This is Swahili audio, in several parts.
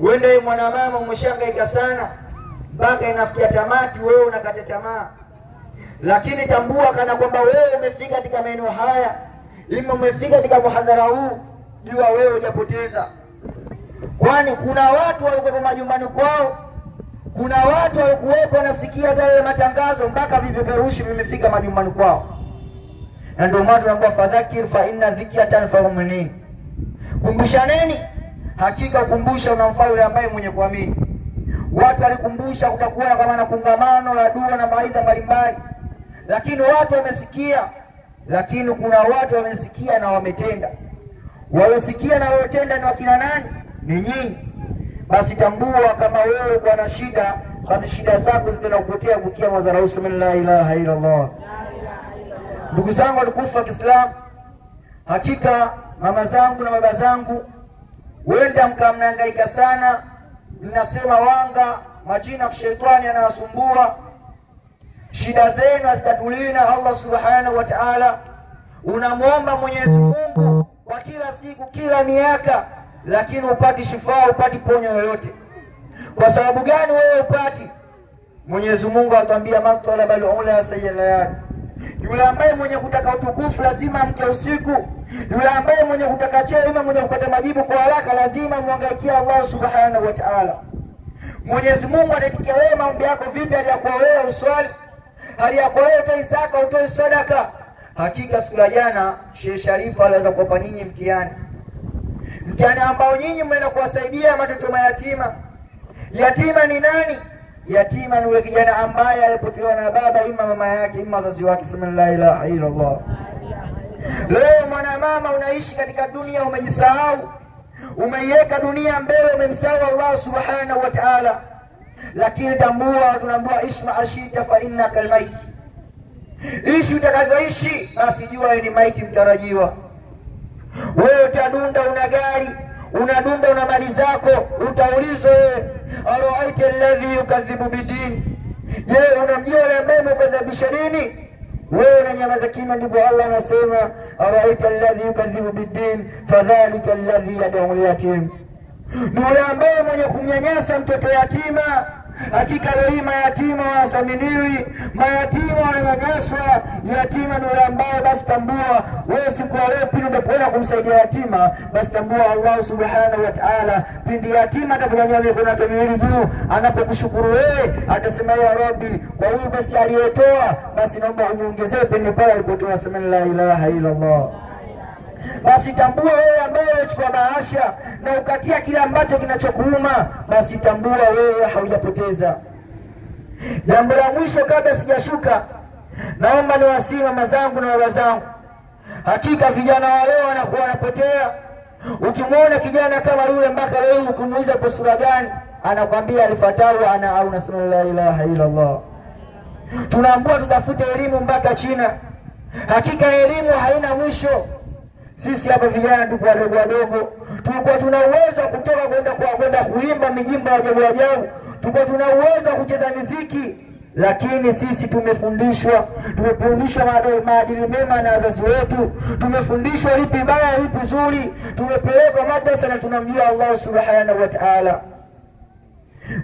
Uende mwanamama umeshangaika sana mpaka inafikia tamati, wewe unakata tamaa, lakini tambua kana kwamba wewe umefika katika maeneo haya, ima umefika katika muhadhara huu, jua wewe hujapoteza, kwani kuna watu walikuwepo majumbani kwao, kuna watu walikuwepo wanasikia gari ya matangazo mpaka vipeperushi vimefika majumbani kwao, na ndio maana tunaambiwa fadhakir fa inna dhikra tanfau mu'minin, kumbushaneni Hakika ukumbusha una mfalme ambaye mwenye kuamini. Watu walikumbusha kutakuwa na kama na kongamano la dua na maida mbalimbali, lakini watu wamesikia, lakini kuna watu wamesikia na wametenda. Waliosikia na waliotenda ni wakina nani? Ni nyinyi. Basi tambua kama wewe kwa na shida, basi shida zako zitaenda kukia madharausi min la ilaha illa Allah. Ndugu zangu watukufu wa Kiislamu, hakika mama zangu na baba zangu Huenda mkamnangaika sana, mnasema wanga majina ya kishetani yanawasumbua, shida zenu hazitatulina. Allah subhanahu wa ta'ala unamwomba Mwenyezi Mungu kwa kila siku, kila miaka, lakini upati shifaa, upati ponyo yoyote. Kwa sababu gani wewe upati? Mwenyezi Mungu atwambia, man talaba al-ula yule ambaye mwenye kutaka utukufu lazima amke usiku yule ambaye mwenye kutaka cheo mwenye kupata majibu kwa haraka, lazima mwangaikie Allah subhanahu wa ta'ala. Mwenyezi Mungu atatikia wewe maombi yako vipi, hali ya wewe uswali, hali ya wewe utoi zaka, utoi sadaka. Hakika siku ya jana Sheikh Sharifa aliweza kuwapa nyinyi mtihani, mtihani ambao nyinyi mnaenda kuwasaidia watoto mayatima. Yatima ni nani? Yatima ni yule kijana ambaye alipotelewa na baba, ima mama yake, ima wazazi wake. Sema la ilaha illa Leo mwanamama, unaishi katika dunia, umejisahau, umeiweka dunia mbele, umemsahau Allah subhanahu wa ta'ala. Lakini tambua, tunaambua ishma ashita fa innaka almaiti, ishi utakavyoishi, basi jua ni maiti mtarajiwa. Wewe utadunda, una gari, unadunda, una mali zako, utaulizwa wewe, araaita alladhi yukadhibu bidini, je, unamjua yule ambaye umekadhibisha dini? wewe na nyama za kima Ndipo Allah anasema araita alladhi yukadhibu biddin fadhalika alladhi yad'u al yatim, ni yule ambaye mwenye kumnyanyasa mtoto yatima Hakika wei mayatima wasaminiwi, mayatima wananyanyaswa, yatima ni yule ambaye basi tambua wewe siku ya leo, pindi unapoenda kumsaidia yatima, basi tambua Allah subhanahu wa ta'ala, pindi yatima ataponyanyua mikono yake miwili juu, anapokushukuru wewe atasema ya Rabbi, kwa hiyo basi aliyetoa, basi naomba uniongezee pindi pale alipotoa, sema la ilaha illa Allah basi tambua wewe ambaye unachukua bahasha na ukatia kile ambacho kinachokuuma, basi tambua wewe haujapoteza. Jambo la mwisho kabla sijashuka, naomba niwasihi mama zangu na baba zangu. Hakika vijana wa leo wanakuwa wanapotea. Ukimwona kijana kama yule, mpaka leo ukimuuliza kwa sura gani, anakwambia alifatau ana au nasema la ilaha illallah Allah. tutafute elimu mpaka China. Hakika elimu haina mwisho. Sisi hapa vijana tupo wadogo wadogo, tulikuwa tuna uwezo wa kutoka kwenda kwenda kuimba mijimbo ya ajabu ajabu, tulikuwa tuna uwezo wa kucheza miziki, lakini sisi tumefundishwa, tumefundishwa maadili mema na wazazi wetu, tumefundishwa lipi baya, lipi zuri, tumepelekwa madrasa na tunamjua Allah subhanahu wa ta'ala.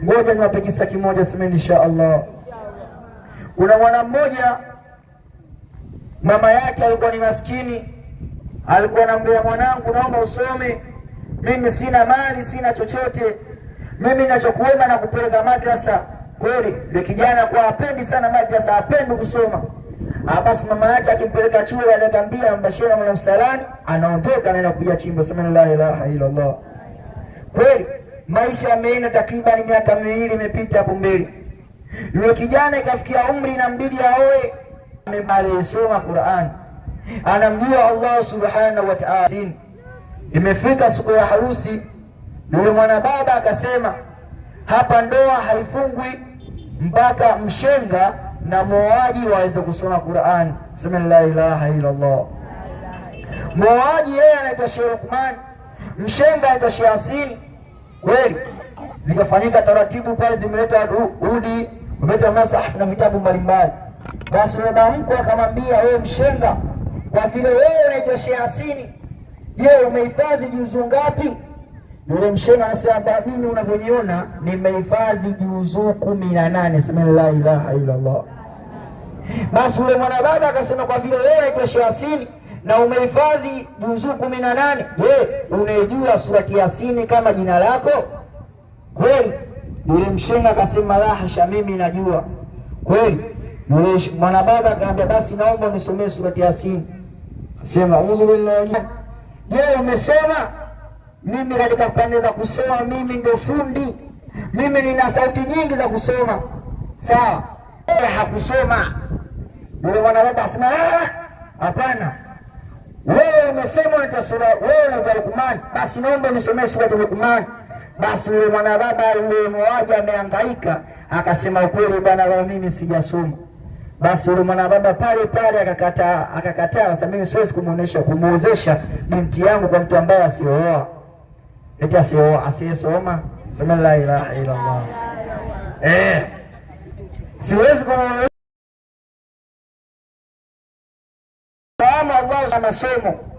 Ngoja niwape kisa kimoja, semeni insha Allah. Kuna mwana mmoja, mama yake alikuwa ni maskini alikuwa anambea mwanangu, naomba usome, mimi sina mali, sina chochote, mimi ninachokuomba na kupeleka madrasa. Kweli ndio kijana kwa apendi sana madrasa, apendi kusoma. Ah, basi mama yake akimpeleka chuo, anatambia mbashara mwana msalani, anaondoka anaenda kupiga chimbo, sema la ilaha illa Allah. Kweli maisha yameenda, takriban miaka miwili imepita hapo mbele. Yule kijana ikafikia umri na inambidi aoe, amebali soma Qur'ani Anaambiwa Allah subhanahu wa ta'ala, imefika siku ya harusi. Yule mwanababa akasema, hapa ndoa haifungwi mpaka mshenga na mwoaji waweze kusoma Qur'an, sema la ilaha illa Allah. Muoaji yeye anaitwa Sheikh Lukman, mshenga anaitwa Sheikh Hasini. Kweli zikafanyika taratibu pale, zimeleta udi, umeleta masahaf na vitabu mbalimbali. Basi baba mwanamke akamwambia, wewe mshenga kwa vile wewe unaitoshea Sheasini, je, umehifadhi juzu ngapi? Yule mshena anasema kwamba mimi unavyoniona nimehifadhi juzuu kumi na nane. Sema la ilaha Allah. Basi yule mwanababa akasema, kwa vile wewe unaitoshea Sheasini na umehifadhi juzuu kumi na nane, je, unaijua surati Yasini kama jina lako kweli? Yule mshenga akasema la hasha, mimi najua kweli. Yule mwanababa akaambia, basi naomba unisomee surati Yasini. Sema audhu billahi. Je, umesoma? Mimi katika pande za kusoma mimi ndio fundi, mimi nina sauti nyingi za kusoma. Sawa, hakusoma yule mwanadada asema ah, hapana, wewe umesema utasoma, wewe unaitwa Lukman, basi naomba nisomee suratu Lukman. Basi yule mwanadada aliyemwaja ameangaika akasema ukweli bwana, mimi sijasoma basi yule mwanababa pale pale akakataa, akakataa sasa. mimi siwezi kumuonesha kumuozesha binti yangu kwa mtu ambaye asioa, eti asioa, asiyesoma. Sema la ilaha illa Allah, eh, siwezi kumuonesha masomo